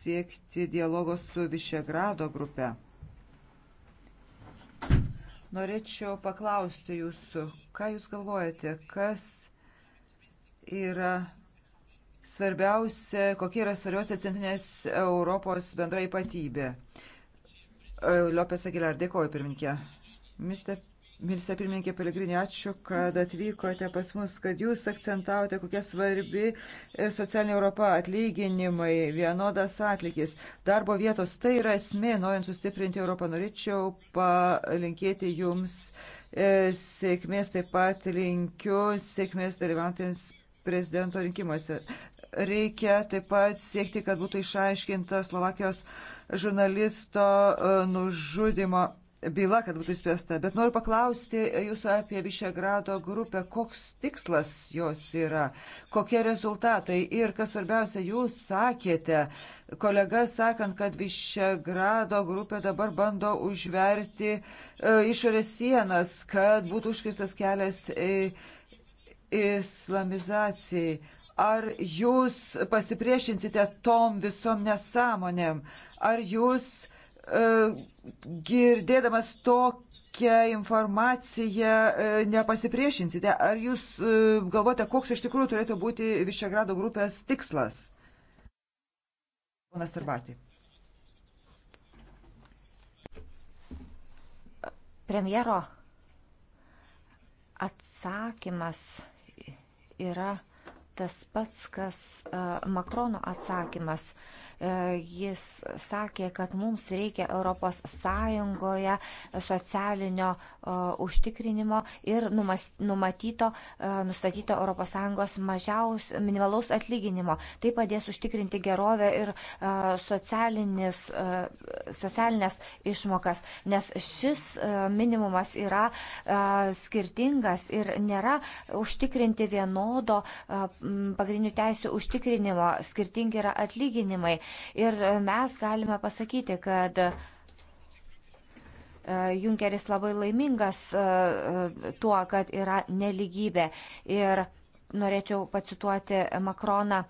siekti dialogo su Višegrado grupe. Norėčiau paklausti jūsų, ką jūs galvojate, kas yra svarbiausia, kokia yra svarbiausia centrinės Europos bendra ypatybė. E, Lopes Agilar, dėkoju pirminkė. Mr. Ministrė pirmininkė Pelegrinė, ačiū, kad atvykote pas mus, kad jūs akcentavote, kokia svarbi e, socialinė Europa atlyginimai, vienodas atlygis, darbo vietos. Tai yra esmė, norint sustiprinti Europą, norėčiau palinkėti jums e, sėkmės, taip pat linkiu sėkmės dalyvautins prezidento rinkimuose reikia taip pat siekti, kad būtų išaiškinta Slovakijos žurnalisto e, nužudimo byla, kad būtų įspėsta. Bet noriu paklausti jūsų apie Višegrado grupę, koks tikslas jos yra, kokie rezultatai ir, kas svarbiausia, jūs sakėte, kolega sakant, kad Višegrado grupė dabar bando užverti e, išorės sienas, kad būtų užkristas kelias e, islamizacijai ar jūs pasipriešinsite tom visom nesąmonėm, ar jūs E, girdėdamas tokią informaciją e, nepasipriešinsite. Ar jūs e, galvote, koks iš tikrųjų turėtų būti Višegrado grupės tikslas? Ponas Tarbatė. Premjero atsakymas yra tas pats, kas Makrono atsakymas. Uh, E, jis sakė, kad mums reikia ES socialinio e, užtikrinimo ir numatyto, e, nustatyto ES mažiaus, minimalaus atlyginimo. Tai padės užtikrinti gerovę ir socialinės išmokas, nes šis minimumas yra skirtingas ir nėra užtikrinti vienodo pagrindinių teisų užtikrinimo, skirtingi yra atlyginimai. Ir e, mes galime pasakyti, kad e, Junkeris labai laimingas e, tuo, kad yra neligybė. Ir norėčiau pacituoti Makroną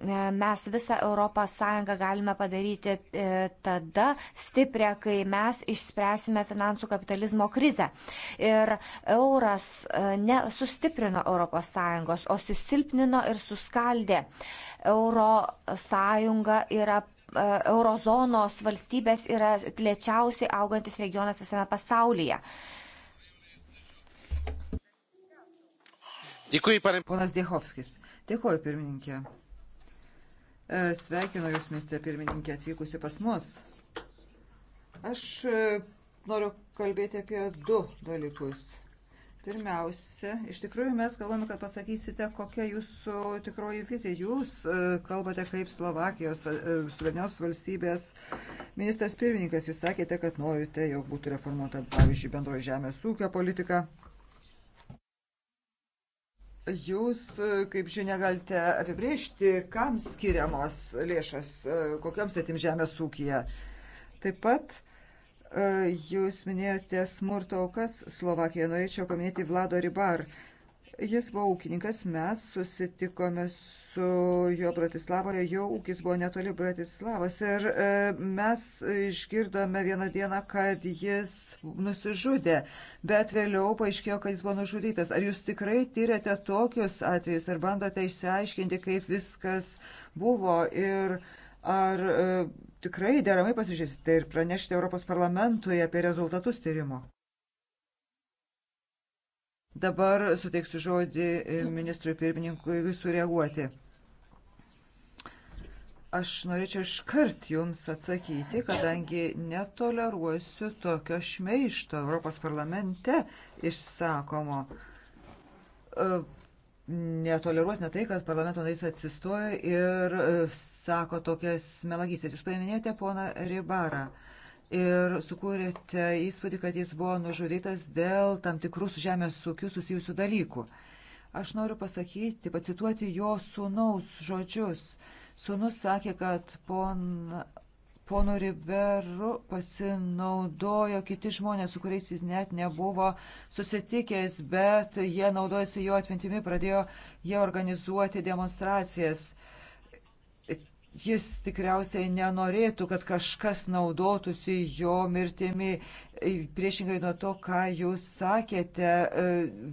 E, mes visą ES galime padaryti e, tada stiprią, kai mes išspręsime finansų kapitalizmo krizę. Ir euras e, nesustiprino ES, o susilpnino ir suskaldė. ES yra eurozonos valstybės yra lėčiausiai augantis regionas visame pasaulyje. Děkuji, pane. Ponas Dėchovskis. Dėkuoju, pirmininkė. E, sveikinu Jūs, mister pirmininkė, atvykusi pas mus. Aš e, noriu kalbėti apie du dalykus. Pirmiausia, iš tikrųjų mes galvome, kad pasakysite, kokia jūsų tikroji vizija. Jūs e, kalbate kaip Slovakijos suverenios valstybės ministras pirmininkas. Jūs sakėte, kad norite, jog būtų reformuota, pavyzdžiui, bendroji žemės ūkio politika. Jūs, kaip žinia, galite apibriežti, kam skiriamos lėšos, kokiams atim žemės ūkija. Taip pat e, jūs minėjote smurto aukas Slovakijoje. Norėčiau paminėti Vlado Ribar. Jis buvo ūkininkas, mes susitikome su juo Bratislavoje, jo ūkis buvo netoli Bratislavos ir e, mes išgirdome vieną dieną, kad jis nusižudė, bet vėliau paaiškėjo, kad jis buvo nužudytas. Ar jūs tikrai tyrėte tokius atvejus ir bandote išsiaiškinti, kaip viskas buvo ir ar e, tikrai deramai pasižiūrėsite ir pranešite Europos parlamentui apie rezultatus tyrimo? Dabar suteiksiu žodį e, ministrui pirmininkui sureaguoti. Aš norėčiau iškart Jums atsakyti, kadangi netoleruosiu tokio šmeišto Europos parlamente išsakomo. E, netoleruotina tai, kad parlamento narys atsistoja ir e, sako tokias melagystės. Jūs paminėjote poną Ribarą ir sukūrėte įspūdį, kad jis buvo nužudytas dėl tam tikrų su žemės ūkiu susijusių dalykų. Aš noriu pasakyti, pacituoti jo sūnaus žodžius. Sūnus sakė, kad pon, pono Riberu pasinaudojo kiti žmonės, su kuriais jis net nebuvo susitikęs, bet jie naudojasi jo atmintimi, pradėjo jie organizuoti demonstracijas Jis tikriausiai nenorėtų, kad kažkas naudotųsi jo mirtimi. E, priešingai nuo to, ką jūs sakėte, e,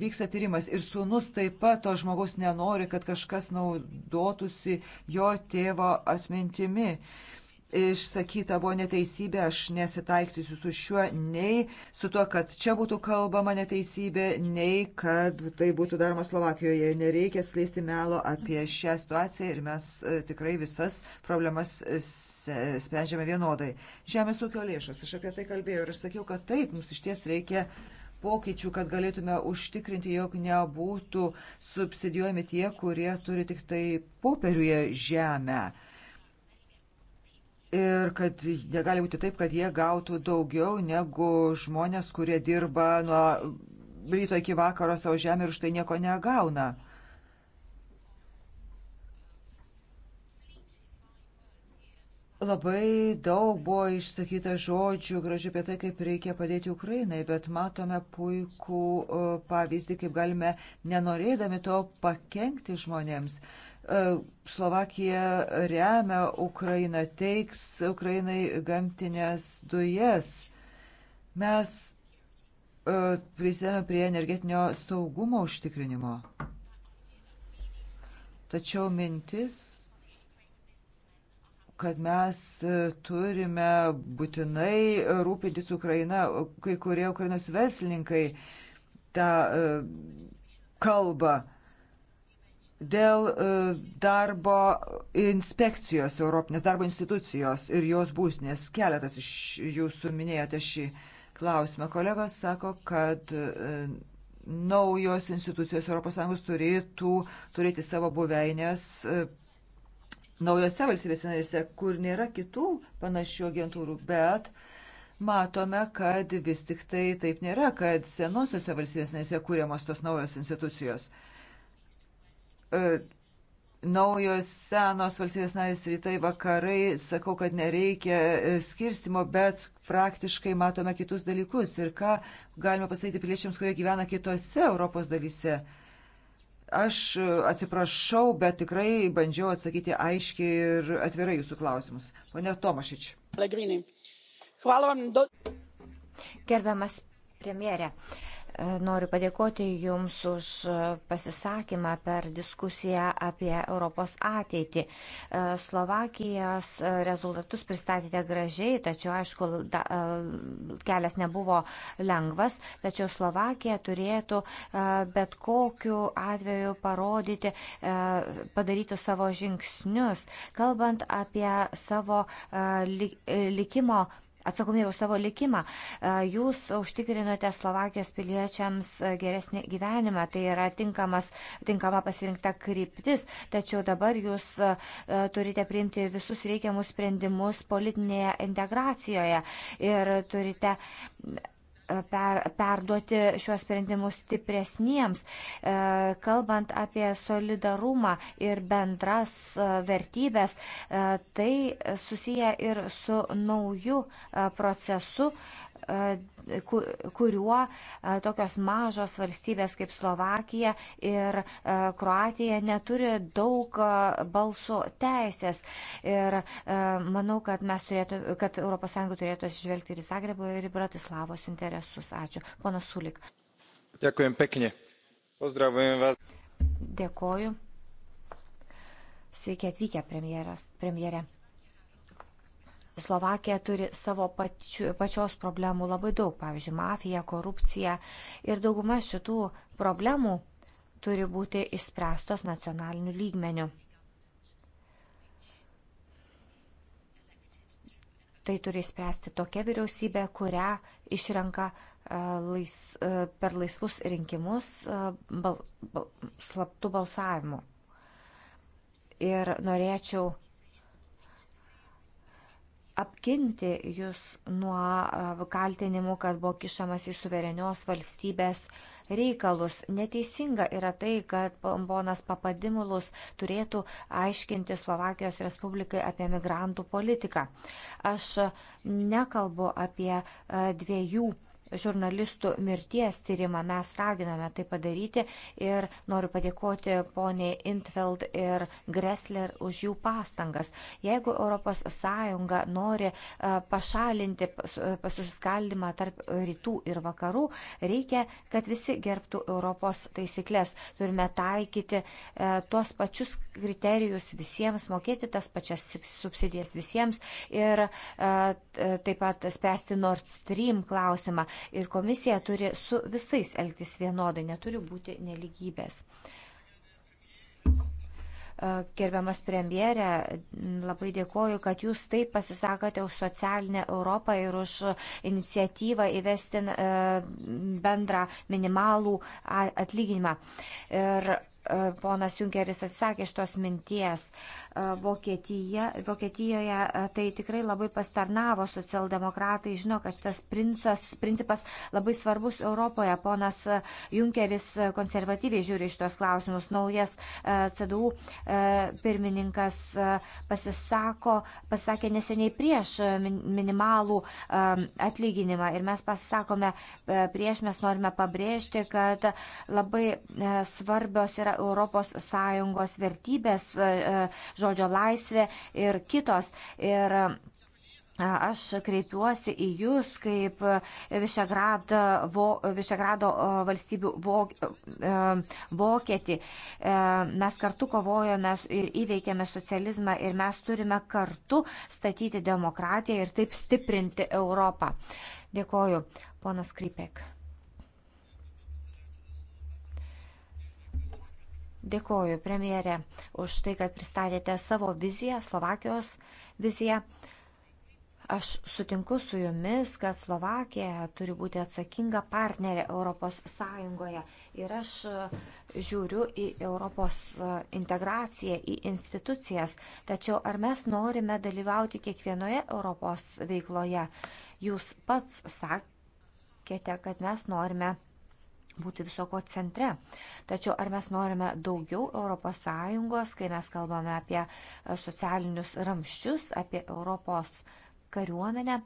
vyksta tyrimas. Ir sūnus taip pat to žmogaus nenori, kad kažkas naudotųsi jo tėvo atmintimi. Uh, išsakyta buvo neteisybė, aš nesitaiksysiu su šiuo nei su tuo, kad čia būtų kalbama neteisybė, nei kad tai būtų daroma Slovakijoje. Nereikia skleisti melo apie šią situaciją ir mes e, tikrai visas problemas e, sprendžiame vienodai. Žemės ūkio lėšas, aš apie tai kalbėjau ir aš sakiau, kad taip, mums iš ties reikia pokyčių, kad galėtume užtikrinti, jog nebūtų subsidijuojami tie, kurie turi tik tai popieriuje žemę ir kad negali būti taip, kad jie gautų daugiau negu žmonės, kurie dirba nuo ryto iki vakaro savo žemę ir už tai nieko negauna. Labai daug buvo išsakyta žodžių gražiai apie tai, kaip reikia padėti Ukrainai, bet matome puikų uh, pavyzdį, kaip galime nenorėdami to pakengti žmonėms. Uh, E, Slovakija remia Ukrainą, teiks Ukrainai gamtinės dujas. Mes e, prisidame prie energetinio saugumo užtikrinimo. Tačiau mintis, kad mes e, turime būtinai rūpintis Ukraina, kai kurie Ukrainos verslininkai tą kalbą dėl e, darbo inspekcijos Europinės darbo institucijos ir jos būsnės. Keletas iš jūsų minėjote šį klausimą. Kolegos sako, kad e, naujos institucijos ES turėtų turėti savo buveinės e, naujose valstybėse narėse, kur nėra kitų panašių agentūrų, bet matome, kad vis tik tai taip nėra, kad senosiose valstybėse narėse kūriamos tos naujos institucijos. Uh, E, naujos senos valstybės narės rytai vakarai, sakau, kad nereikia e, skirstimo, bet praktiškai matome kitus dalykus ir ką galime pasakyti piliečiams, kurie gyvena kitose Europos dalyse. Aš e, atsiprašau, bet tikrai bandžiau atsakyti aiškiai ir atvirai jūsų klausimus. Pone Tomašič. Gerbiamas premjerė, Noriu padėkoti Jums už pasisakymą per diskusiją apie Europos ateitį. E, Slovakijos e, rezultatus pristatėte gražiai, tačiau, aišku, da, e, kelias nebuvo lengvas, tačiau Slovakija turėtų bet kokiu atveju parodyti, padaryti savo žingsnius, kalbant apie savo likimo atsakomybę už savo likimą. E, jūs užtikrinote Slovakijos piliečiams geresnį gyvenimą, tai yra tinkamas, tinkama pasirinkta kryptis, tačiau dabar jūs e, turite priimti visus reikiamus sprendimus politinėje integracijoje ir turite per, perduoti šiuos sprendimus stipresniems, e, kalbant apie solidarumą ir bendras e, vertybės, e, tai susiję ir su nauju procesu, E, kuriuo e, tokios mažos valstybės kaip Slovakija ir e, Kroatija neturi daug balsų teisės. Ir manau, kad, turėtų, kad ES turėtų atsižvelgti ir į Zagrebo, ir į Bratislavos interesus. Ačiū. Pana Sulik. Dėkuojam pekne. Pozdravim vas. Dėkoju. Sveiki atvykę premjeras, premjerė. Slovakija turi savo pačiu, pačios problemų labai daug, pavyzdžiui, mafija, korupcija ir dauguma šitų problemų turi būti išspręstos nacionaliniu lygmeniu. Tai turi spręsti tokia vyriausybė, kurią išrenka e, lais, e, per laisvus rinkimus e, bal, bal, slaptų balsavimų. Ir norėčiau apginti jūs nuo kaltinimų, kad buvo kišamas į suverenios valstybės reikalus. Neteisinga yra tai, kad ponas Papadimulus turėtų aiškinti Slovakijos Respublikai apie migrantų politiką. Aš nekalbu apie dviejų žurnalistų mirties tyrimą. Mes raginame tai padaryti ir noriu padėkoti poniai Intveld ir Gressler už jų pastangas. Jeigu ES nori e, pašalinti pasusiskaldimą e, tarp rytų ir vakarų, reikia, kad visi gerbtų Europos taisyklės. Turime taikyti e, tuos pačius kriterijus visiems, mokėti tas pačias subsidijas visiems ir taip pat spręsti Nord Stream klausimą ir komisija turi su visais elgtis vienodai, neturi būti neligybės. E, gerbiamas premjerė, labai dėkoju, kad jūs taip pasisakote už socialinę Europą ir už iniciatyvą įvesti e, bendrą minimalų atlyginimą. Ir E, ponas Junkeris atsisakė šitos minties. E, Vokietija, Vokietijoje e, tai tikrai labai pastarnavo socialdemokratai, žino, kad šitas princas, principas labai svarbus Europoje. Ponas Junkeris konservatyviai žiūri šitos klausimus. Naujas CDU pirmininkas pasisako, pasakė neseniai prieš minimalų atlyginimą ir mes pasisakome prieš, mes norime pabrėžti, kad labai svarbios yra ES vertybės, e, e, žodžio laisvė ir kitos. Ir e, Aš kreipiuosi į Jūs kaip Višegrado, vo, Višegrado valstybių vo, vokietį. Mes kartu kovojome ir įveikėme socializmą ir mes turime kartu statyti demokratiją ir taip stiprinti Europą. Dėkoju, ponas Krypek. Dėkoju, premjerė, už tai, kad pristatėte savo viziją, Slovakijos viziją. Aš sutinku su jumis, kad Slovakija turi būti atsakinga partnerė Europos Sąjungoje. Ir aš e, žiūriu į Europos e, integraciją, į institucijas. Tačiau ar mes norime dalyvauti kiekvienoje Europos veikloje? Jūs pats sakėte, kad mes norime būti visoko centre. Tačiau ar mes norime daugiau ES, kai mes kalbame apie e, socialinius ramščius, apie Europos kariuomenę,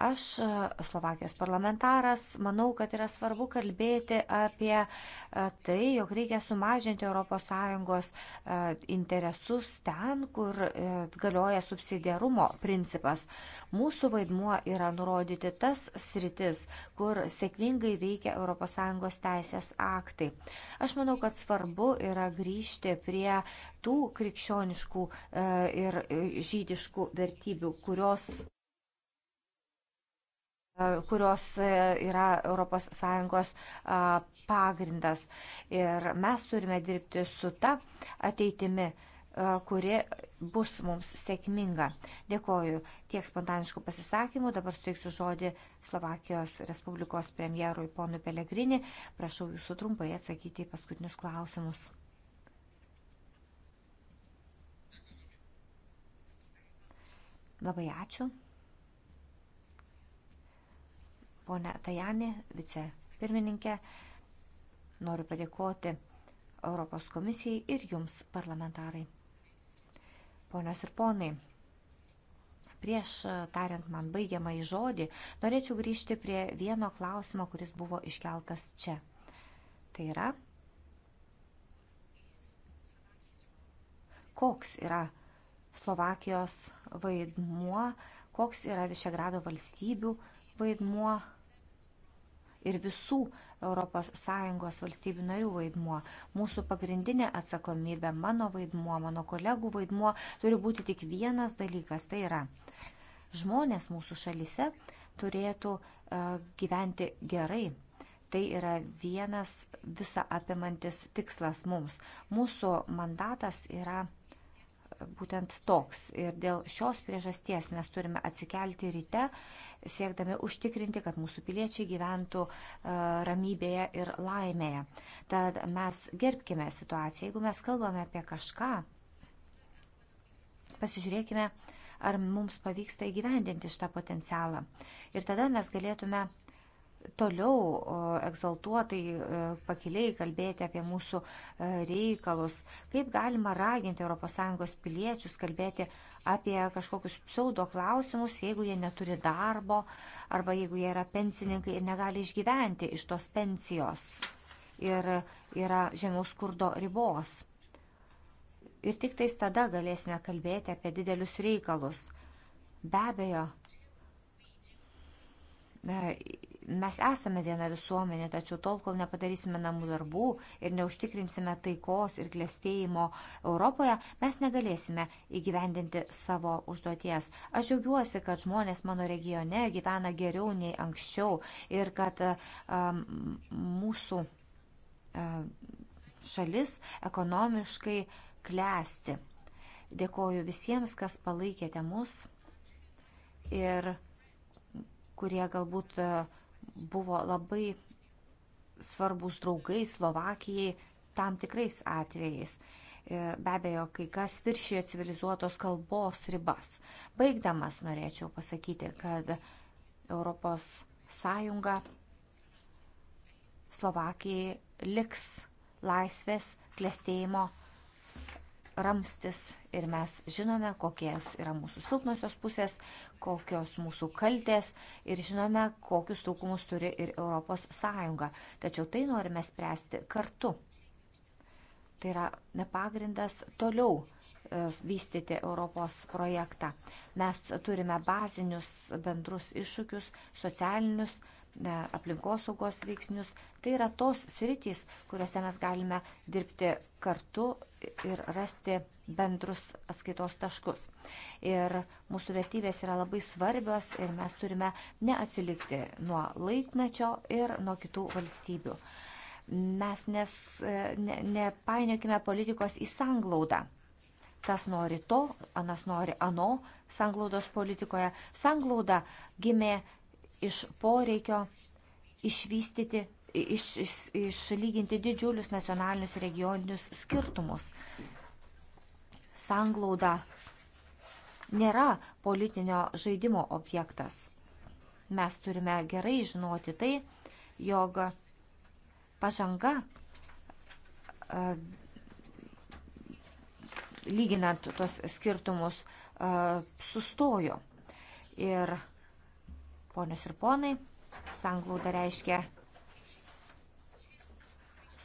Aš, e, Slovakijos parlamentaras, manau, kad yra svarbu kalbėti apie e, tai, jog reikia sumažinti ES e, interesus ten, kur galioja subsidiarumo principas. Mūsų vaidmuo yra nurodyti tas sritis, kur sėkmingai veikia ES teisės aktai. Aš manau, kad svarbu yra grįžti prie tų krikščioniškų ir žydiškų vertybių, kurios kurios e, yra ES pagrindas. Ir mes turime dirbti su ta ateitimi, kuri bus mums sėkminga. Dėkoju tiek spontaniškų pasisakymų. Dabar suteiksiu žodį Slovakijos Respublikos premjerui ponui Pelegrini. Prašau jūsų trumpai atsakyti į paskutinius klausimus. Labai ačiū ponę Tajani, vicepirmininkę. Noriu padėkoti Europos komisijai ir jums, parlamentarai. Ponios ir ponai, prieš tariant man baigiamą į žodį, norėčiau grįžti prie vieno klausimo, kuris buvo iškeltas čia. Tai yra, koks yra Slovakijos vaidmuo, koks yra Višegrado valstybių vaidmuo ir visų ES valstybių narių vaidmuo. Mūsų pagrindinė atsakomybė, mano vaidmuo, mano kolegų vaidmuo turi būti tik vienas dalykas - tai yra žmonės mūsų šalyse turėtų e, gyventi gerai. Tai yra vienas visą apimantis tikslas mums. Mūsų mandatas yra būtent toks. Ir dėl šios priežasties mes turime atsikelti ryte, siekdami užtikrinti, kad mūsų piliečiai gyventų e, ramybėje ir laimėje. Tad mes gerbkime situaciją. Jeigu mes kalbame apie kažką, pasižiūrėkime, ar mums pavyksta įgyvendinti šitą potencialą. Ir tada mes galėtume toliau egzaltuotai, e, pakiliai kalbėti apie mūsų e, reikalus. Kaip galima raginti ES piliečius kalbėti apie kažkokius pseudo klausimus, jeigu jie neturi darbo arba jeigu jie yra pensininkai ir negali išgyventi iš tos pensijos ir yra žemiaus skurdo ribos. Ir tik tais tada galėsime kalbėti apie didelius reikalus. Be abejo, e, Mes esame viena visuomenė, tačiau tol, kol nepadarysime namų darbų ir neužtikrinsime taikos ir klėstėjimo Europoje, mes negalėsime įgyvendinti savo užduoties. Aš džiaugiuosi, kad žmonės mano regione gyvena geriau nei anksčiau ir kad um, mūsų um, šalis ekonomiškai klesti. Dėkoju visiems, kas palaikėte mus ir kurie galbūt uh, buvo labai svarbus draugai Slovakijai tam tikrais atvejais. Ir be abejo, kai kas viršijo civilizuotos kalbos ribas. Baigdamas norėčiau pasakyti, kad Europos Sąjunga Slovakijai liks laisvės klėstėjimo ramstis ir mes žinome, kokios yra mūsų silpnosios pusės, kokios mūsų kaltės ir žinome, kokius trūkumus turi ir ES. Tačiau tai norime spręsti kartu. Tai yra pagrindas toliau e, vystyti Europos projektą. Mes turime bazinius bendrus iššūkius, socialinius iššūkius aplinkosaugos veiksnius. Tai yra tos sritys, kuriuose mes galime dirbti kartu ir rasti bendrus atskaitos taškus. Ir mūsų vertybės yra labai svarbios ir mes turime neatsilikti nuo laikmečio ir nuo kitų valstybių. Mes nes, e, ne, nepainiokime politikos į sanglaudą tas nori to, anas nori ano sanglaudos politikoje. Sanglauda gimė iš poreikio išvystyti, iš, iš, išlyginti didžiulius nacionalinius regioninius skirtumus. Sanglauda nėra politinio žaidimo objektas. Mes turime gerai žinoti tai, jog pažanga lyginant tuos skirtumus sustojo. Ir Ponios ir ponai, sanglauda reiškia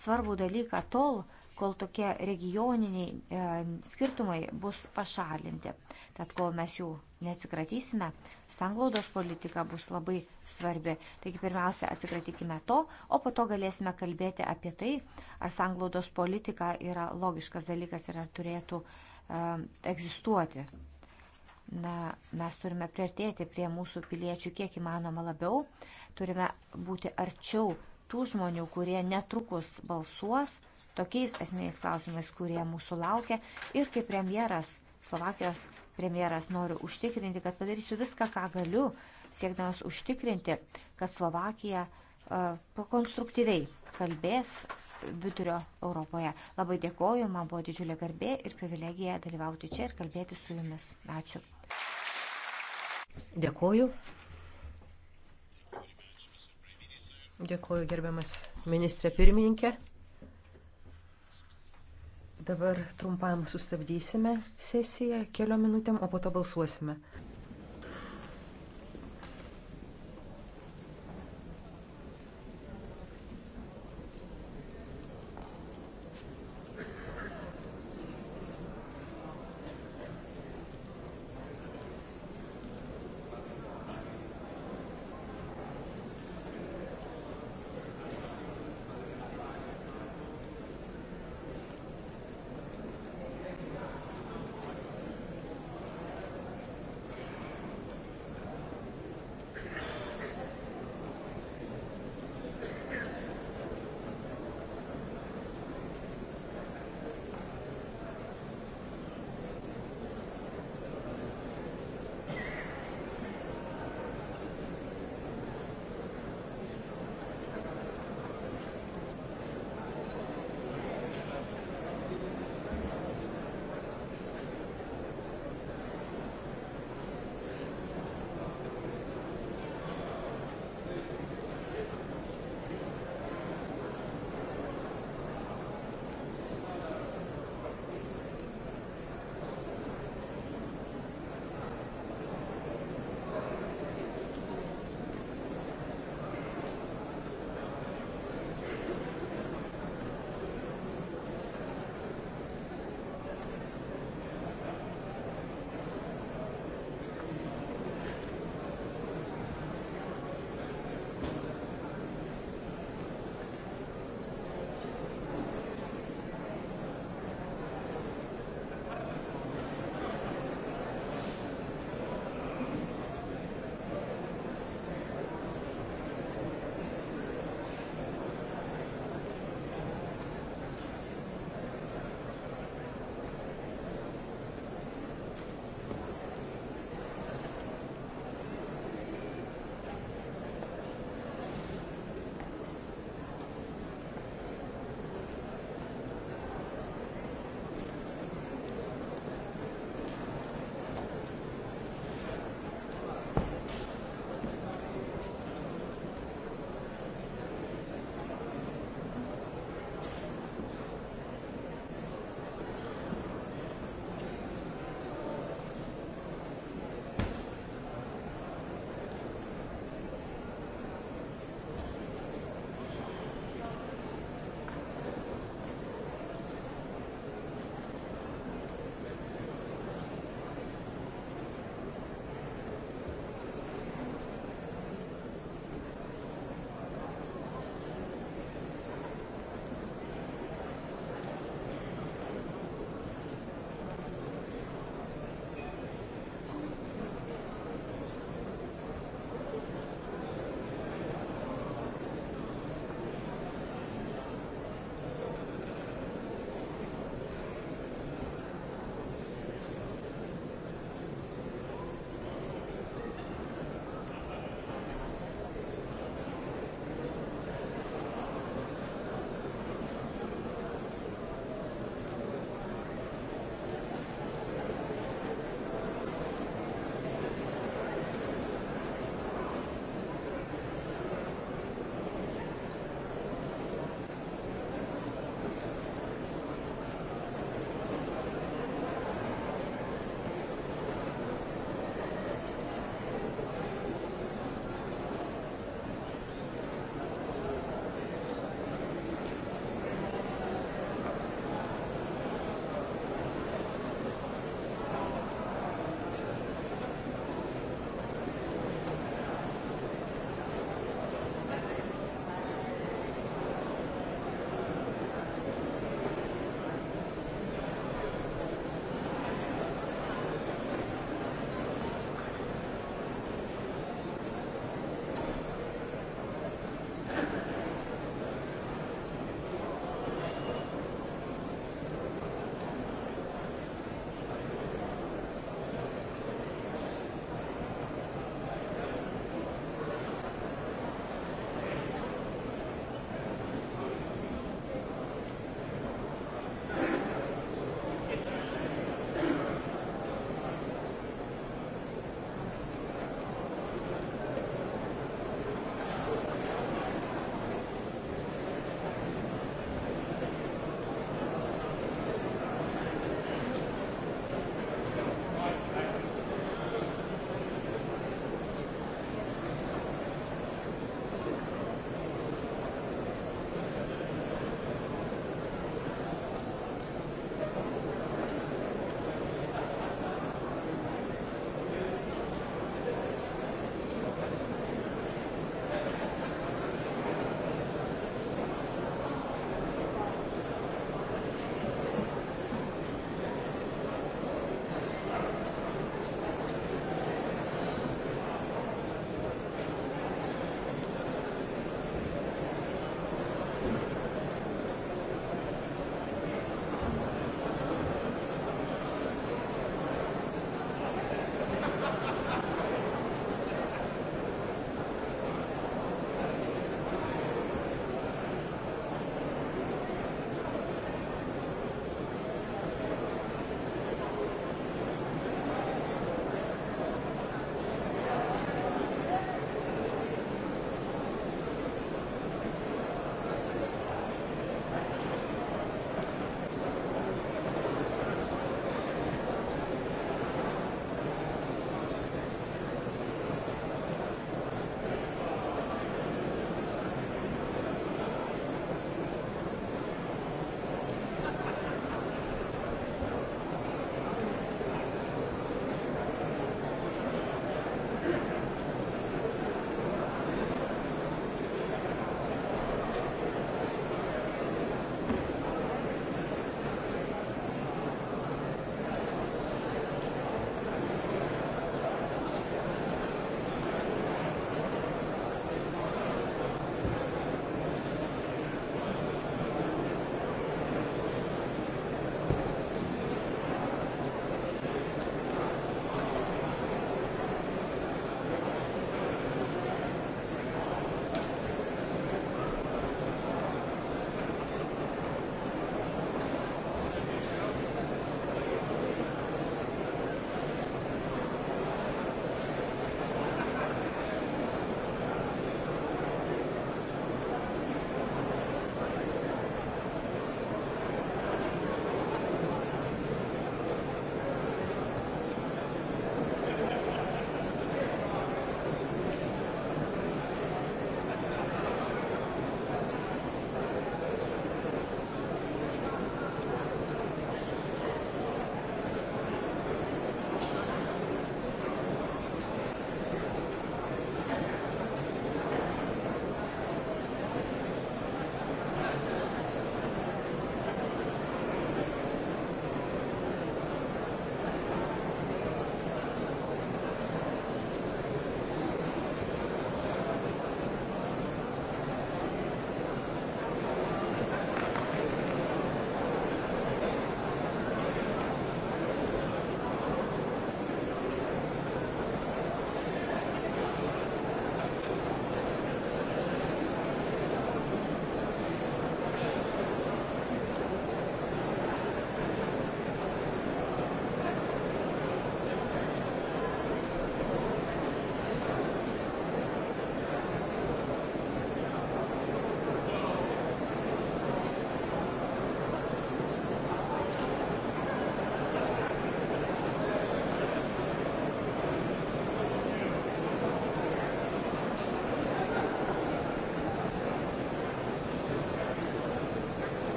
svarbų dalyką tol, kol tokie regioniniai e, skirtumai bus pašalinti. Tad kol mes jų neatsikratysime, sanglaudos politika bus labai svarbi. Taigi pirmiausia, atsikratykime to, o po to galėsime kalbėti apie tai, ar sanglaudos politika yra logiškas dalykas ir ar turėtų e, egzistuoti na, mes turime priartėti prie mūsų piliečių kiek įmanoma labiau, turime būti arčiau tų žmonių, kurie netrukus balsuos tokiais esminiais klausimais, kurie mūsų laukia. Ir kaip premjeras, Slovakijos premjeras, noriu užtikrinti, kad padarysiu viską, ką galiu, siekdamas užtikrinti, kad Slovakija uh, konstruktyviai kalbės vidurio Europoje. Labai dėkoju, man buvo didžiulė garbė ir privilegija dalyvauti čia ir kalbėti su jumis. Ačiū. Dėkuoju. Dėkuoju, gerbiamas ministrė pirmininkė. Dabar trumpam sustabdysime sesiją keliom minutėm, o po to balsuosime.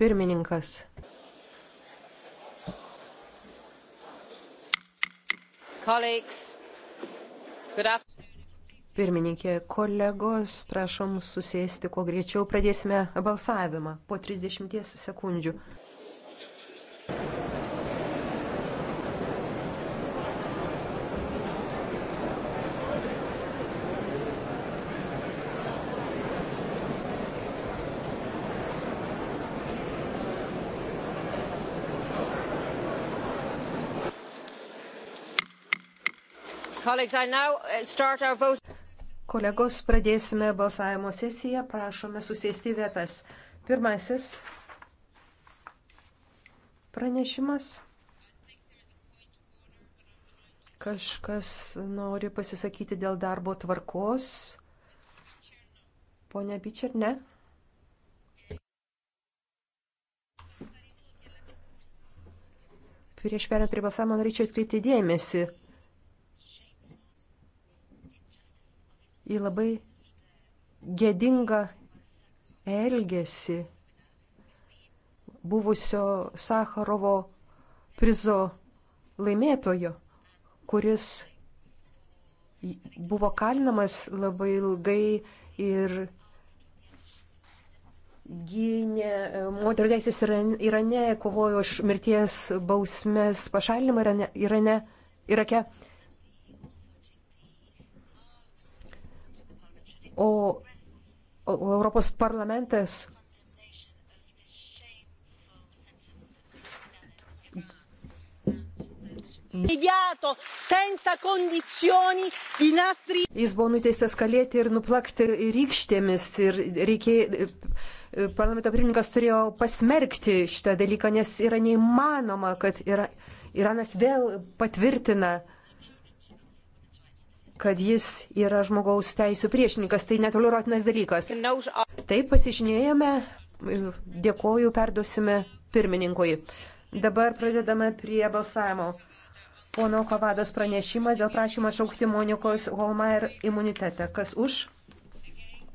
Pirmininkas. Pirmininkė, kolegos, prašom susėsti kuo greičiau, pradėsime balsavimą po 30 sekundžių. Uh, Kolegos, pradėsime balsavimo sesiją. Prašome susėsti vietas. Pirmasis pranešimas. Kažkas nori pasisakyti dėl darbo tvarkos. Pone Bičer, ne? Prieš perint prie balsavimo norėčiau atkreipti dėmesį, į labai gėdingą elgesį buvusio Sakarovo prizo laimėtojo, kuris buvo kalinamas labai ilgai ir gynė moterų teisės Irane, kovojo už mirties bausmės pašalinimą Irane, Irake. o, o Europos parlamentas immediato, senza condizioni, i nastri. Jis buvo nuteistas kalėti ir nuplakti rykštėmis ir reikėjo. E, parlamento pirmininkas turėjo pasmerkti šitą dalyką, nes yra neįmanoma, kad yra, Iranas vėl patvirtina kad jis yra žmogaus teisų priešininkas, tai netoleruotinas dalykas. Taip pasižinėjome, dėkoju, perduosime pirmininkui. Dabar pradedame prie balsavimo. Pono Kavados pranešimas dėl prašymo šaukti Monikos Holmeier imunitetą. Kas už?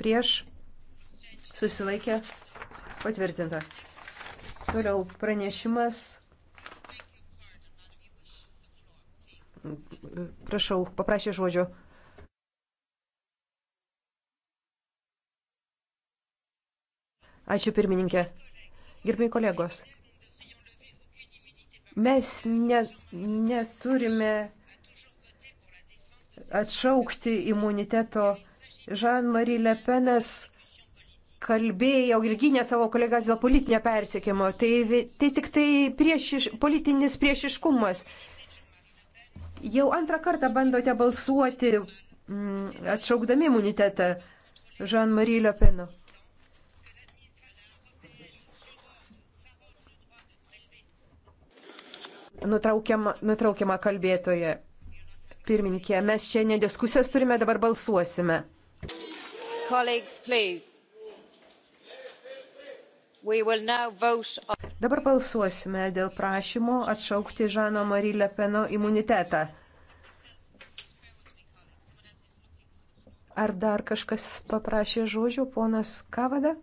Prieš? Susilaikė? Patvirtinta. Toliau pranešimas prašau, paprašė žodžio. Ačiū pirmininkė. Gerbėjai kolegos, mes ne, neturime atšaukti imuniteto. Jean-Marie Le Penas kalbėjo ir gynė savo kolegas dėl politinio persiekimo. Tai, tai tik tai priešiš, politinis priešiškumas. Jau antrą kartą bandote balsuoti mm, atšaukdami imunitetą Jean-Marie Le Penu. Nutraukiama, nutraukiama kalbėtoje. Pirmininkė, mes čia ne diskusijos turime, dabar balsuosime. Colleagues, please. Dabar balsuosime dėl prašymo atšaukti Žano Mary Le Peno imunitetą. Ar dar kažkas paprašė žodžių, ponas Kavada?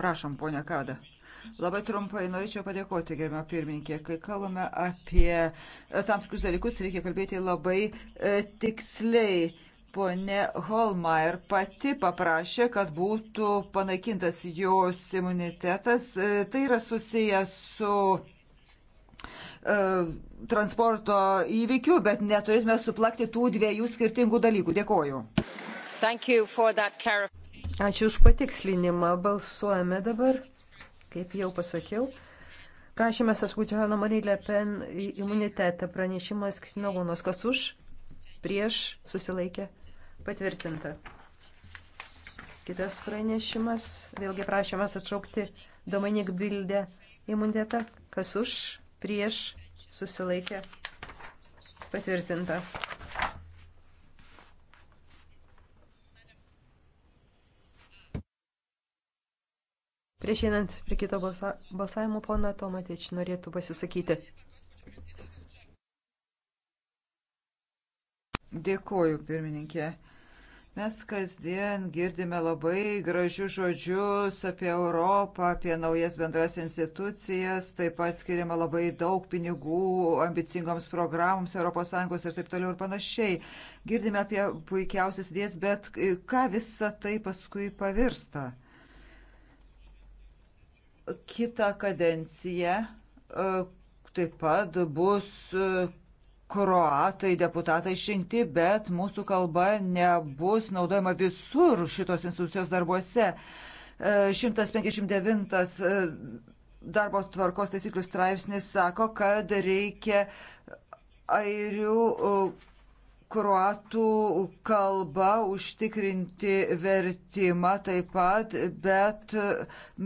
Prašom, ponia Kavada. Labai trumpai norėčiau padėkoti, gerbimo pirmininkė. Kai kalbame apie tam tikrus dalykus, reikia kalbėti labai e, tiksliai. E, Pone Holmaier pati paprašė, kad būtų panaikintas jos imunitetas. E, tai yra susijęs su e, transporto įvykių, bet neturėtume suplakti tų dviejų skirtingų dalykų. Dėkoju. Ačiū už patikslinimą. Balsuojame dabar, kaip jau pasakiau. Prašymė Saskutėno Marilė Pen imunitetą pranešimas Ksinogonos. Kas už? Prieš susilaikė Patvirtinta. Kitas pranešimas, vėlgi prašymas atšaukti Dominik Bildę imunitetą. Kas už, prieš, susilaikė. Patvirtinta. Prieš einant prie kito balsa, balsavimo, pona Tomatič norėtų pasisakyti. Dėkuoju, pirmininkė. Mes kasdien girdime labai gražius žodžius apie Europą, apie naujas bendras institucijas, taip pat skiriama labai daug pinigų ambicingoms programoms ES ir taip toliau ir panašiai. Girdime apie puikiausias idėjas, bet ką visa tai paskui pavirsta? Kita kadencija e, taip pat bus kroatai deputatai išrinkti, bet mūsų kalba nebus naudojama visur šitos institucijos darbuose. 159 e, e, darbo tvarkos taisyklių straipsnis sako, kad reikia airių kruatų kalba užtikrinti vertimą taip pat, bet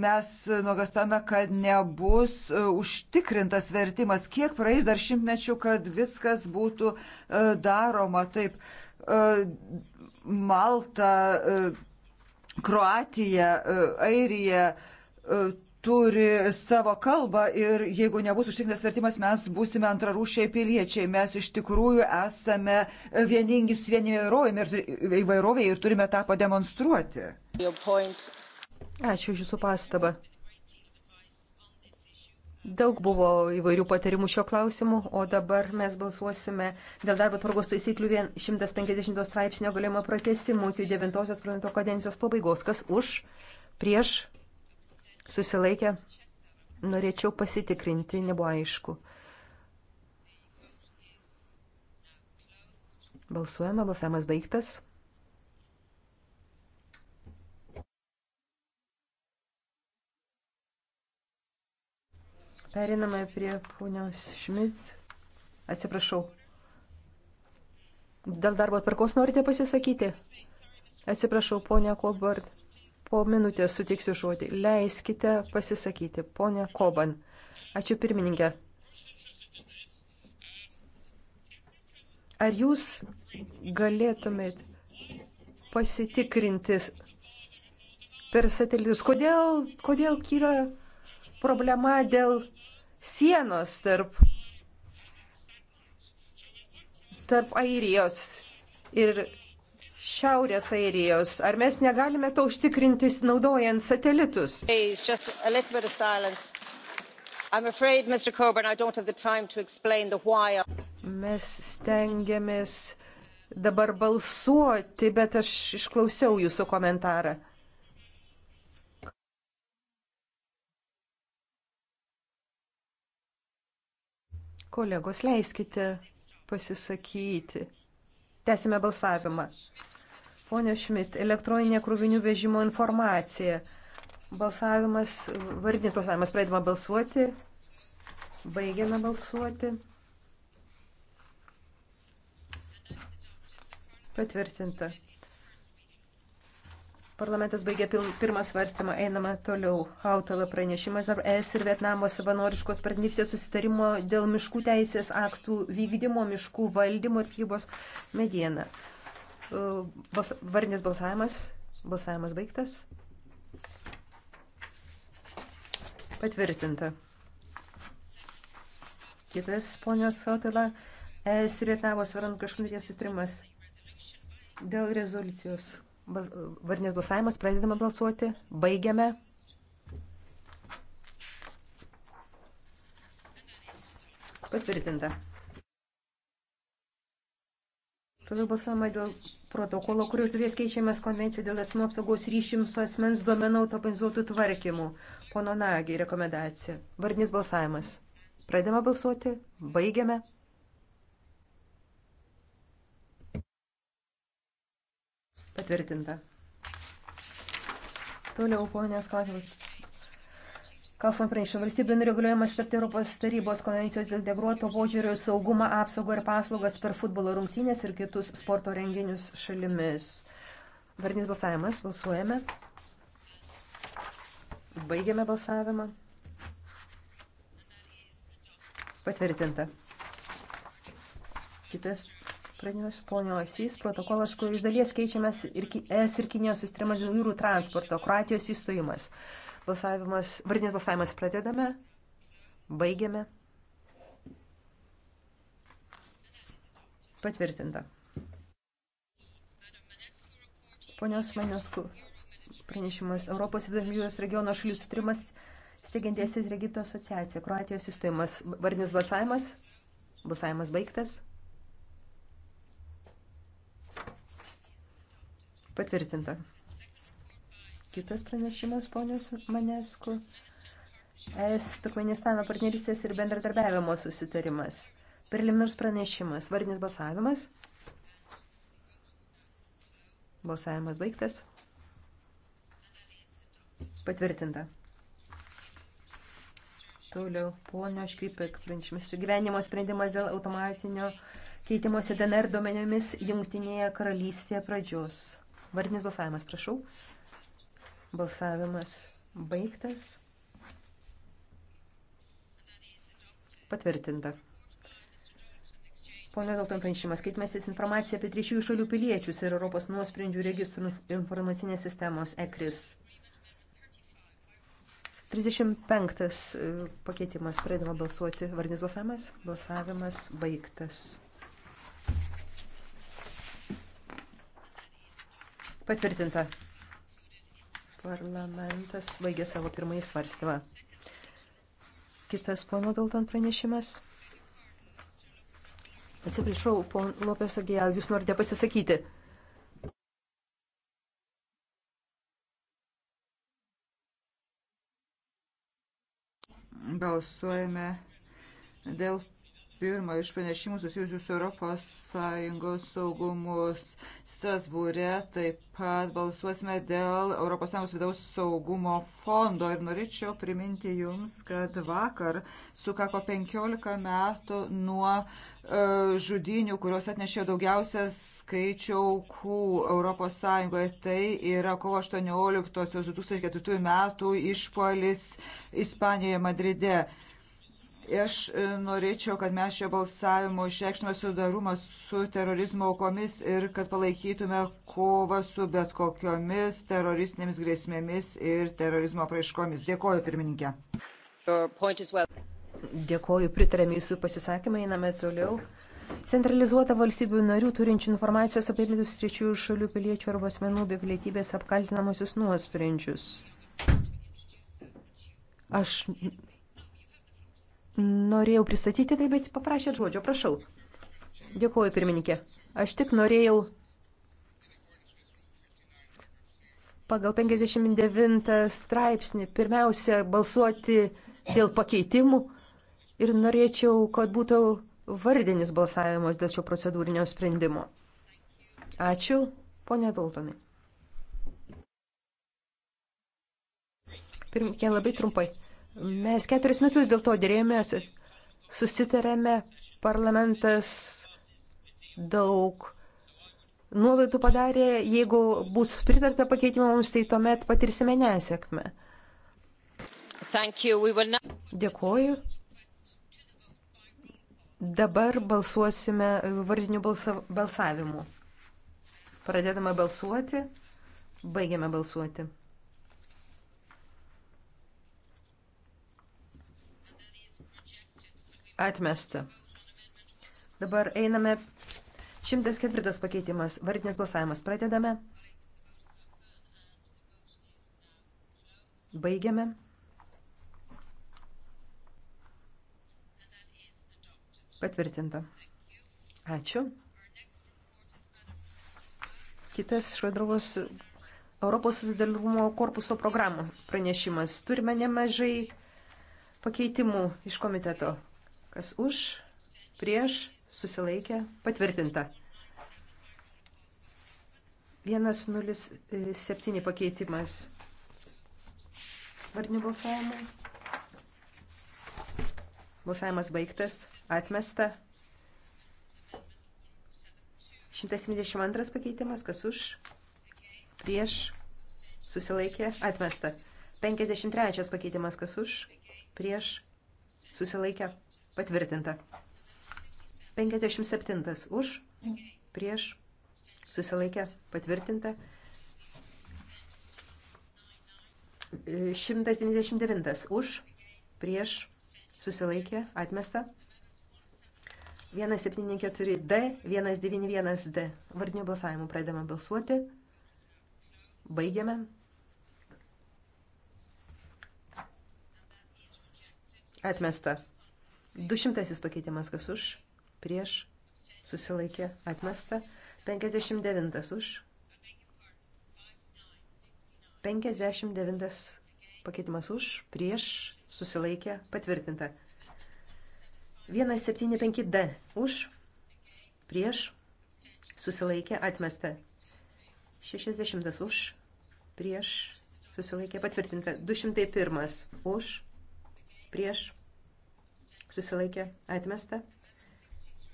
mes nuogastame, kad nebus užtikrintas vertimas. Kiek praeis dar šimtmečių, kad viskas būtų e, daroma taip. E, Malta, e, Kroatija, Airija turi savo kalbą ir jeigu nebus užtikrintas vertimas, mes būsime antrarūšiai piliečiai. Mes iš tikrųjų esame vieningi su vieni įvairoviai ir turime tą pademonstruoti. Ačiū už Jūsų pastabą. Daug buvo įvairių patarimų šio klausimu, o dabar mes balsuosime dėl darbo tvarkos taisyklių 150 straipsnio galėjimo pratesimų iki 9 parlamento kadencijos pabaigos. Kas už? Prieš? susilaikė, norėčiau pasitikrinti, nebuvo aišku. Balsuojama, balsavimas baigtas. Periname prie ponios Šmit. Atsiprašau. Dėl darbo tvarkos norite pasisakyti? Atsiprašau, ponia Kobart po minutės sutiksiu žodį. Leiskite pasisakyti, ponė Koban. Ačiū pirmininkė. Ar jūs galėtumėt pasitikrinti per satelitus, kodėl, kodėl kyra problema dėl sienos tarp, tarp Airijos ir Šiaurės Airijos. Ar mes negalime to užtikrinti naudojant satelitus? Afraid, Coburn, mes stengiamės dabar balsuoti, bet aš išklausiau jūsų komentarą. Kolegos, leiskite pasisakyti. Tęsime balsavimą. Pone Šmit, elektroninė krovinių vežimo informacija. Balsavimas, vardinis balsavimas, pradedama balsuoti. Baigiame balsuoti. Patvirtinta. Parlamentas baigė pirmą svarstymą, einama toliau. Autolo pranešimas ar ES ir Vietnamo savanoriškos partnerystės susitarimo dėl miškų teisės aktų vykdymo, miškų valdymo ir prybos medieną. E, Bals, varnės balsavimas. Balsavimas baigtas. Patvirtinta. Kitas ponios Autola. ES ir Vietnamo savanoriškos partnerystės susitarimas dėl rezoliucijos. Varnės balsavimas, pradedame balsuoti, baigiame. Patvirtinta. Toliau balsuojama dėl protokolo, kuriuo turės keičiamės konvenciją dėl asmenų apsaugos ryšim su asmens duomenų autopanizuotų tvarkymų. Pono Nagiai rekomendacija. Vardinis balsavimas. Pradėma balsuoti, baigiame. Patvirtinta. Toliau, ponios klausimas. Kalfan praneša, valstybių nereguliuojamas tarp Europos tarybos konvencijos dėl degruoto požiūrio saugumą, apsaugą ir paslaugas per futbolo rungtynės ir kitus sporto renginius šalimis. Vardinis balsavimas, balsuojame. Baigiame balsavimą. Patvirtinta. Kitas Pranešimas ponios jis protokolas, kur iš dalies keičiamas ir ES ir Kinijos sustrimas dėl jūrų transporto, Kroatijos įstojimas. Balsavimas, vardinės balsavimas pradedame, baigiame. Patvirtinta. Ponios Manesku pranešimas Europos viduržmėjūros regiono šalių sutrimas steigiantiesis Regito asociacija, Kroatijos įstojimas, vardinis balsavimas, balsavimas baigtas. Patvirtinta. Kitas pranešimas, ponios Manesku. Es Turkmenistano partnerystės ir bendradarbiavimo susitarimas. Preliminarus pranešimas. Vardinis balsavimas. Balsavimas baigtas. Patvirtinta. Toliau, ponio Škripek, pranešimas. Gyvenimo sprendimas dėl automatinio keitimosi DNR duomenimis Jungtinėje karalystėje pradžios. Vardinis balsavimas, prašau. Balsavimas baigtas. Patvirtinta. Pone Dalton pranešimas, skaitmesis informacija apie trečiųjų šalių piliečius ir Europos nuosprendžių registrų informacinės sistemos ECRIS. 35 e, pakeitimas, pradedama balsuoti, vardinis balsavimas, balsavimas baigtas. Patvirtinta. Parlamentas vaigė savo pirmąjį svarstymą. Kitas pono Dalton pranešimas. Atsiprašau, pon Lopes Agijal, jūs norite pasisakyti. Balsuojame dėl pirmą iš pranešimų susijusių su ES saugumus Strasbūre. Taip pat balsuosime dėl ES vidaus saugumo fondo. Ir norėčiau priminti Jums, kad vakar sukako 15 metų nuo e, žudinių, kurios atnešė daugiausia skaičių aukų ES. Tai yra kovo 18-2004 metų išpolis Ispanijoje, Madride. Aš e, norėčiau, kad mes šio balsavimo išreikštume sudarumą su terorizmo aukomis ir kad palaikytume kovą su bet kokiomis teroristinėmis grėsmėmis ir terorizmo praiškomis. Dėkoju, pirmininkė. Well. Dėkoju, pritarėme jūsų pasisakymą, einame toliau. Centralizuota valstybių narių turinčių informacijos apie pilietinius trečiųjų šalių piliečių arba asmenų be pilietybės apkaltinamosius nuosprendžius. Aš Norėjau pristatyti tai, bet paprašėt žodžio, prašau. Dėkuoju, pirmininkė. Aš tik norėjau pagal 59 straipsnį pirmiausia balsuoti dėl pakeitimų ir norėčiau, kad būtų vardinis balsavimas dėl šio procedūrinio sprendimo. Ačiū, ponė Daltonai. Pirmininkė, labai trumpai. Mes keturis metus dėl to dėrėjomės, susitarėme, parlamentas daug nuolaidų padarė, jeigu bus pritarta pakeitimams, tai tuomet patirsime nesėkmę. Will... Dėkuoju. Dabar balsuosime vardiniu balsavimu. Pradedame balsuoti, baigiame balsuoti. Atmesta. Dabar einame 104 pakeitimas. Vardinis balsavimas. Pradedame. Baigiame. Patvirtinta. Ačiū. Kitas Švedrovos Europos susidalyvumo korpuso programų pranešimas. Turime nemažai pakeitimų iš komiteto. Kas už, prieš, susilaikė, patvirtinta. 107 e, pakeitimas vardinių balsavimų. Balsavimas baigtas, atmesta. 172 pakeitimas, kas už, prieš, susilaikė, atmesta. 53 pakeitimas, kas už, prieš, susilaikė, Patvirtinta. 57 už, prieš, susilaikę, patvirtinta. 199 už, prieš, susilaikė, atmesta. 174D, 191D. Vardinių balsavimų pradedame balsuoti. Baigiame. Atmesta. 200 pakeitimas kas už, prieš, susilaikė, atmesta. 59 už, 59 pakeitimas už, prieš, susilaikė, patvirtinta. 175D už, prieš, susilaikė, atmesta. 60 už, prieš, susilaikė, patvirtinta. 201 už, prieš, susilaikė atmesta.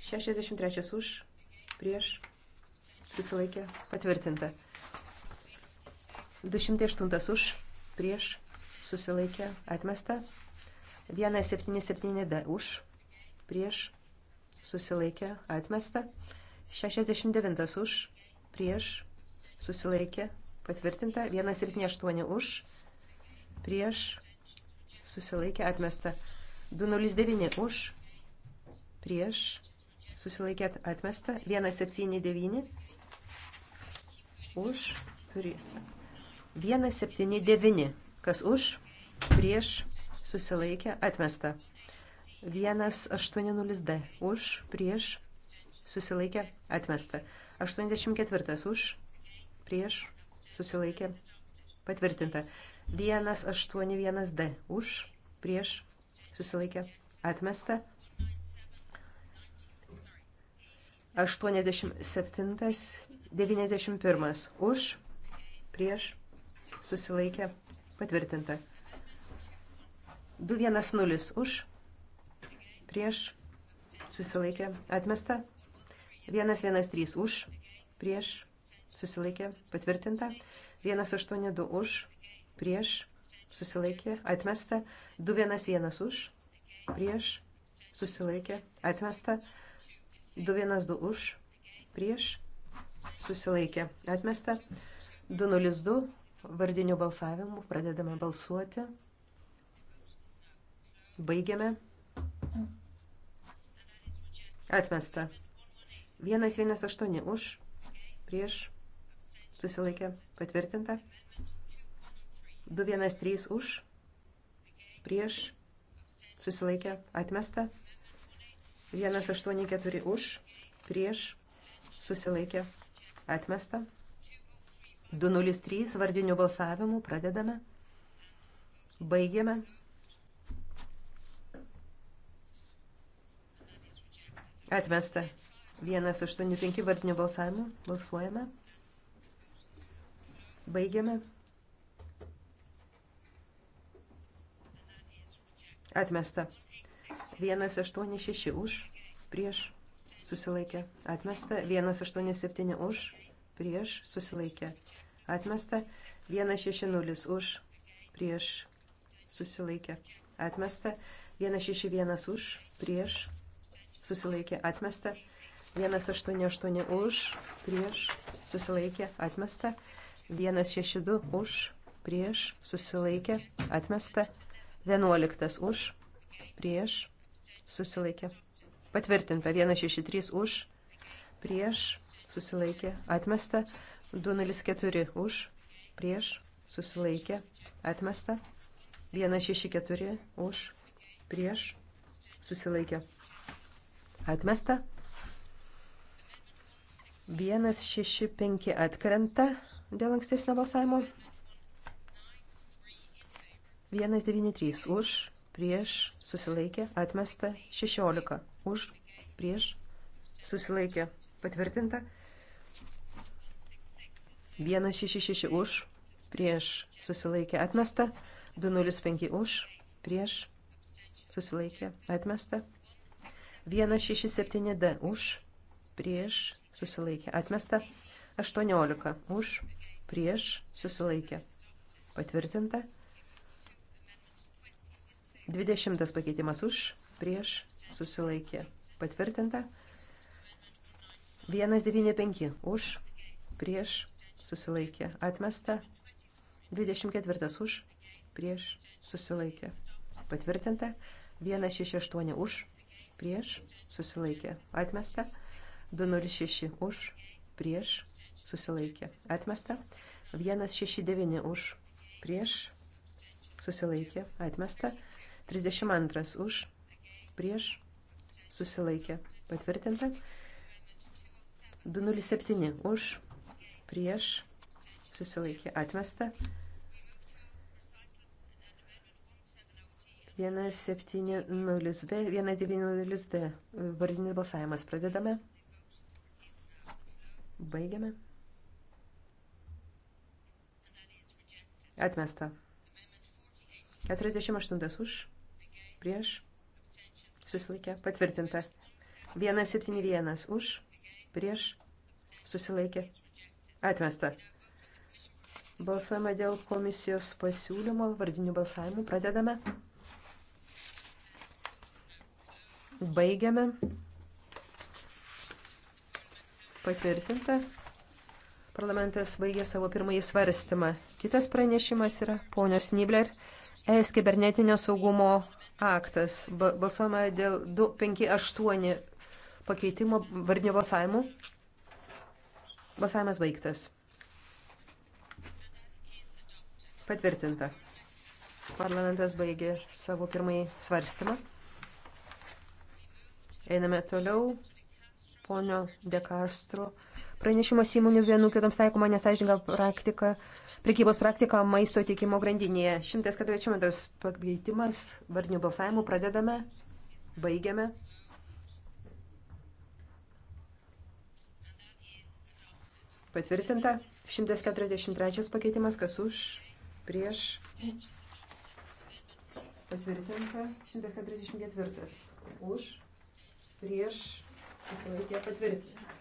63 už, prieš, susilaikė patvirtinta. 208 už, prieš, susilaikė atmesta. 177 už, prieš, susilaikė atmesta. 69 už, prieš, susilaikė patvirtinta. 178 už, prieš, susilaikė atmesta. 209 už, prieš, susilaikėt atmesta, 179 už, prie, 179, kas už, prieš, susilaikė, atmesta. 180D už, prieš, susilaikė, atmesta. 84 už, prieš, susilaikė, patvirtinta. 181D už, prieš, susilaikė atmesta. 87-91 už, prieš, susilaikė patvirtinta. 210 už, prieš, susilaikė atmesta. 113 už, prieš, susilaikė patvirtinta. 182 už, prieš, susilaikė, atmesta, 211 už, prieš, susilaikė, atmesta, 212 už, prieš, susilaikė, atmesta, 202 vardinių balsavimų, pradedame balsuoti, baigiame, atmesta, 118 už, prieš, susilaikė, patvirtinta, 118. 213 už, prieš, susilaikę, atmesta. 184 už, prieš, susilaikę, atmesta. 203 vardinių balsavimų pradedame. Baigiame. Atmesta. 185 vardinių balsavimų. Balsuojame. Baigiame. Atmesta. 186 už, prieš, susilaikė. Atmesta. 187 už, prieš, susilaikė. Atmesta. 160 už, prieš, susilaikė. Atmesta. 161 už, prieš, susilaikė. Atmesta. 188 už, prieš, susilaikė. Atmesta. 162 už, prieš, susilaikė. Atmesta. 11 už, prieš, susilaikė. Patvirtinta 163 už, prieš, susilaikė. Atmesta 204 už, prieš, susilaikė. Atmesta 164 už, prieš, susilaikė. Atmesta 165 atkrenta dėl ankstesnio balsavimo. 193 už, prieš, susilaikė, atmesta, 16 už, prieš, susilaikė, patvirtinta, 166 už, prieš, susilaikė, atmesta, 205 už, prieš, susilaikė, atmesta, 167D už, prieš, susilaikė, atmesta, 18 už, prieš, susilaikė, patvirtinta, 168 20 pakeitimas už, prieš, susilaikė, patvirtinta. 195 už, prieš, susilaikė, atmesta. 24 už, prieš, susilaikė, patvirtinta. 168 už, prieš, susilaikė, atmesta. 206 už, prieš, susilaikė, atmesta. 169 už, prieš, susilaikė, atmesta. 32 už, prieš, susilaikė, patvirtinta. 207 už, prieš, susilaikė, atmesta. 170D, 190D. Vardinis balsavimas pradedame. Baigiame. Atmesta. 48 už prieš, susilaikė, patvirtinta. 171 už, prieš, susilaikė, atmesta. Balsuojame dėl komisijos pasiūlymo, vardinių balsavimų, pradedame. Baigiame. Patvirtinta. Parlamentas baigė savo pirmąjį svarstymą. Kitas pranešimas yra ponios Nibler, ES kibernetinio saugumo aktas. Balsuojama dėl 258 pakeitimo vardinio balsavimo. Balsavimas baigtas. Patvirtinta. Parlamentas baigė savo pirmąjį svarstymą. Einame toliau. Ponio De Castro pranešimas įmonių vienų kitoms taikoma nesąžininga praktika prekybos praktiką maisto tiekimo grandinėje. 142 pakeitimas vardinių balsavimų pradedame, baigiame. Patvirtinta. 143 pakeitimas, kas už, prieš. Patvirtinta. 144. Už, prieš, susilaikė patvirtinta.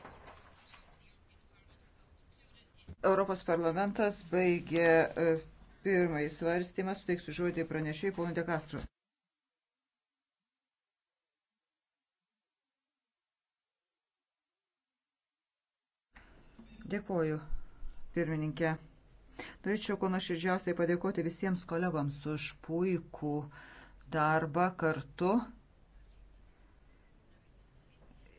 Europos parlamentas baigė e, pirmąjį svarstymą, suteiksiu žodį pranešėjai ponui De Castro. Dėkoju, pirmininkė. Norėčiau kuo nuoširdžiausiai padėkoti visiems kolegoms už puikų darbą kartu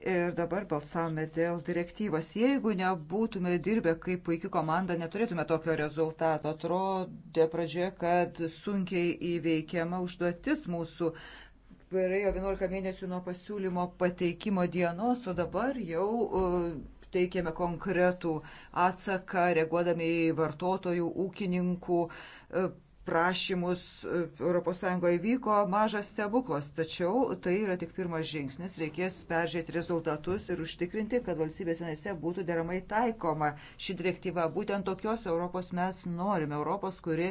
Ir dabar balsavome dėl direktyvos. Jeigu nebūtume dirbę kaip puikia komanda, neturėtume tokio rezultato. Atrodė pradžioje, kad sunkiai įveikiama užduotis mūsų. Praėjo 11 mėnesių nuo pasiūlymo pateikimo dienos, o dabar jau e, teikėme konkretų atsaką, reaguodami į vartotojų, ūkininkų e, prašymus ES vyko mažas stebuklas, tačiau tai yra tik pirmas žingsnis, reikės peržiūrėti rezultatus ir užtikrinti, kad valstybės nese būtų deramai taikoma ši direktyva. Būtent tokios Europos mes norime, Europos, kuri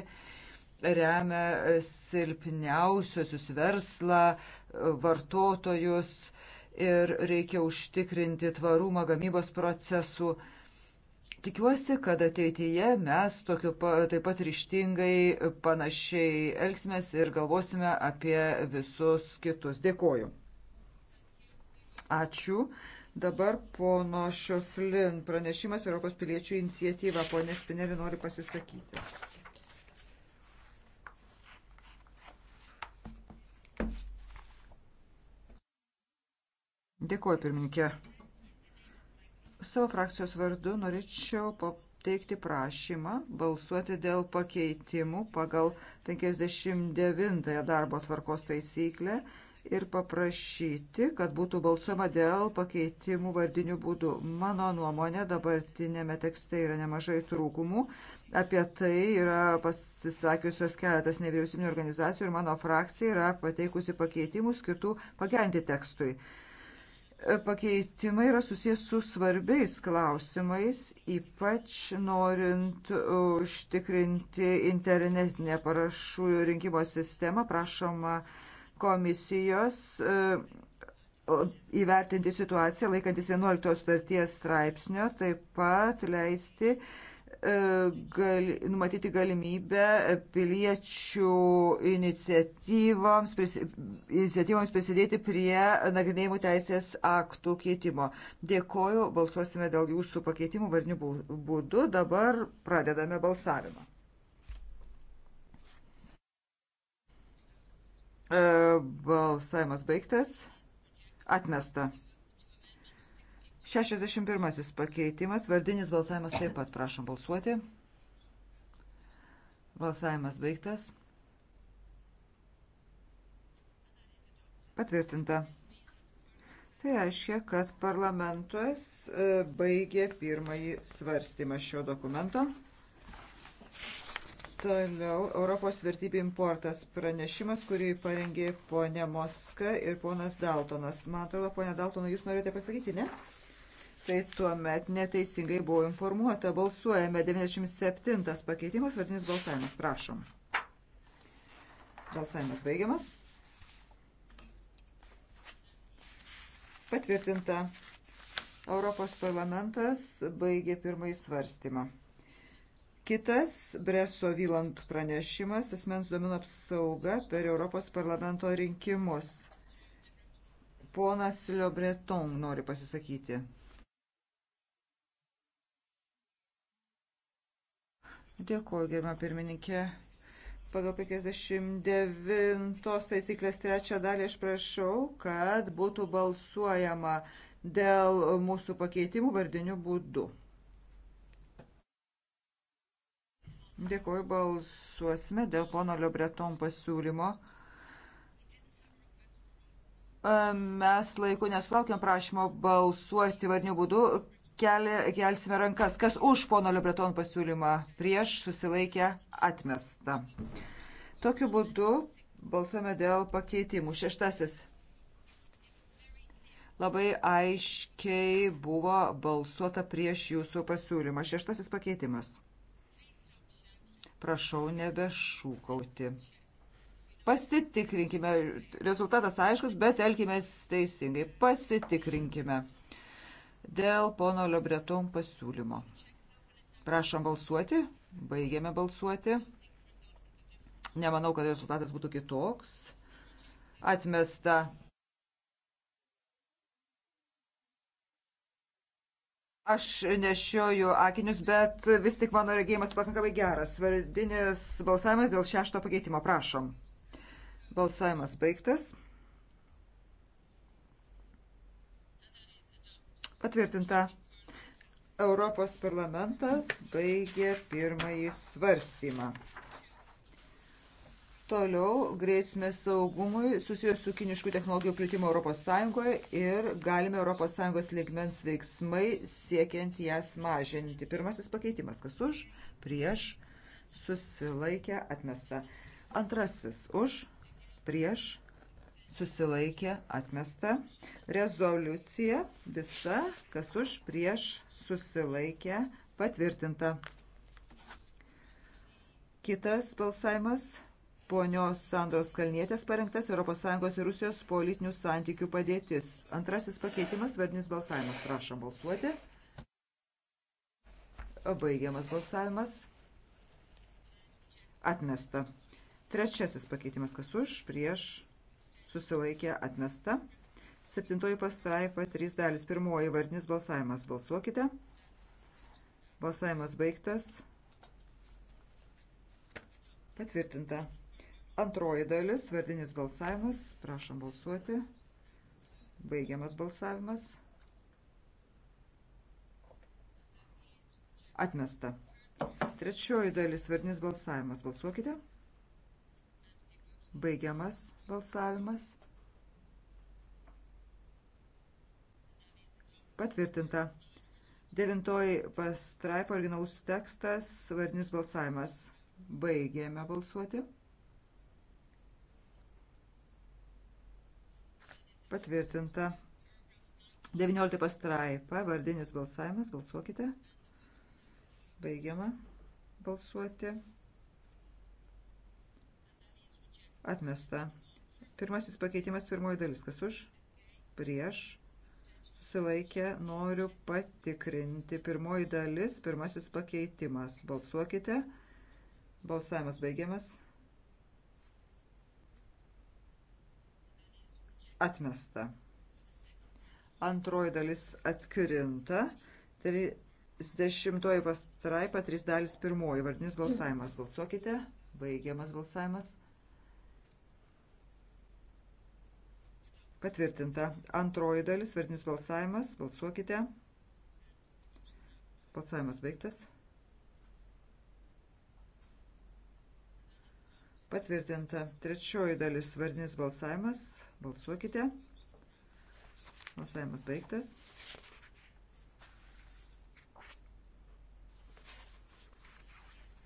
remia silpniausiosius verslą, vartotojus ir reikia užtikrinti tvarumą gamybos procesų Tikiuosi, kad ateityje mes tokiu pa, taip pat ryštingai panašiai elgsimės ir galvosime apie visus kitus. Dėkoju. Ačiū. Dabar pono Šoflin pranešimas Europos piliečių iniciatyva. Pone Spinelį nori pasisakyti. Dėkuoju, pirmininkė. Savo frakcijos vardu norėčiau pateikti prašymą balsuoti dėl pakeitimų pagal 59 darbo tvarkos taisyklę ir paprašyti, kad būtų balsuojama dėl pakeitimų vardinių būdų. Mano nuomonė, dabartinėme tekste yra nemažai trūkumų. Apie tai yra pasisakiusios keletas nevyriausybinio organizacijų ir mano frakcija yra pateikusi pakeitimų skirtų pagerinti tekstui pakeitimai yra susijęs su svarbiais klausimais, ypač norint užtikrinti internetinę parašų rinkimo sistemą, prašoma komisijos e, įvertinti situaciją laikantis 11 starties straipsnio, taip pat leisti E, gal, numatyti galimybę piliečių iniciatyvoms, pris, iniciatyvoms prisidėti prie nagrinėjimų teisės aktų keitimo. Dėkoju, balsuosime dėl jūsų pakeitimų varnių būdu. Dabar pradedame balsavimą. E, balsavimas baigtas. Atmesta. 61 pakeitimas, vardinis balsavimas taip pat, prašom balsuoti. Balsavimas baigtas. Patvirtinta. Tai reiškia, kad parlamentas e, baigė pirmąjį svarstymą šio dokumento. Toliau Europos vertybių importas pranešimas, kurį parengė ponė Moska ir ponas Daltonas. Man atrodo, ponė Daltonai, jūs norite pasakyti, ne? tai tuo met neteisingai buvo informuota. Balsuojame 97 pakeitimas, vardinis balsavimas. Prašom. Balsavimas baigiamas. Patvirtinta. Europos parlamentas baigė pirmąjį svarstymą. Kitas Breso Vyland pranešimas - asmens duomenų apsauga per Europos parlamento rinkimus. Ponas Liobreton nori pasisakyti. Dėkuoju, germa pirmininkė. Pagal 59 taisyklės trečią dalį aš prašau, kad būtų balsuojama dėl mūsų pakeitimų vardiniu būdu. Dėkuoju, balsuosime dėl pono Liobreton pasiūlymo. Mes laiku nesulaukėm prašymo balsuoti varnių būdu, kelia, kelsime rankas. Kas už pono Lebreton pasiūlymą prieš susilaikę atmestą. Tokiu būdu balsuojame dėl pakeitimų. Šeštasis. Labai aiškiai buvo balsuota prieš jūsų pasiūlymą. Šeštasis pakeitimas. Prašau nebešūkauti. Pasitikrinkime. Rezultatas aiškus, bet elkime teisingai. Pasitikrinkime dėl pono Liobreton pasiūlymo. Prašom balsuoti. Baigėme balsuoti. Nemanau, kad rezultatas būtų kitoks. Atmesta. Aš nešioju akinius, bet vis tik mano regėjimas pakankamai geras. Vardinis balsavimas dėl šešto pakeitimo. Prašom. Balsavimas baigtas. Patvirtinta. Europos parlamentas baigė pirmąjį svarstymą. Toliau grėsime saugumui susijęs su kiniškų technologijų plitimu ES ir galime ES ligmens veiksmai siekiant jas mažinti. Pirmasis pakeitimas, kas už, prieš, susilaikę, atmesta. Antrasis už, prieš, susilaikė atmesta. Rezoliucija visa, kas už prieš susilaikė patvirtinta. Kitas balsavimas ponios Sandros Kalnietės parengtas ES ir Rusijos politinių santykių padėtis. Antrasis pakeitimas, vardinis balsavimas. Prašom balsuoti. Baigiamas balsavimas. Atmesta. Trečiasis pakeitimas, kas už, prieš, susilaikė atmesta. Septintoji pastraipa, trys dalis, pirmoji vardinis balsavimas. Balsuokite. Balsavimas baigtas. Patvirtinta. Antroji dalis, vardinis balsavimas. Prašom balsuoti. Baigiamas balsavimas. Atmesta. Trečioji dalis, vardinis balsavimas. Balsuokite. Balsuokite. Baigiamas balsavimas. Patvirtinta. Devintoji pastraipa originalus tekstas, vardinis balsavimas. Baigėme balsuoti. Patvirtinta. 19 pastraipa, vardinis balsavimas, balsuokite. Baigiama balsuoti. Atmesta. Pirmasis pakeitimas, pirmoji dalis. Kas už? Prieš. Susilaikę noriu patikrinti. Pirmoji dalis, pirmasis pakeitimas. Balsuokite. Balsavimas baigiamas. Atmesta. Antroji dalis atkirinta. 30 pastraipa, 3 dalis 1. Vardinis balsavimas. Balsuokite. Baigiamas balsavimas. Patvirtinta. Antroji dalis, vertinis balsavimas. Balsuokite. Balsavimas baigtas. Patvirtinta. Trečioji dalis, vertinis balsavimas. Balsuokite. Balsavimas baigtas.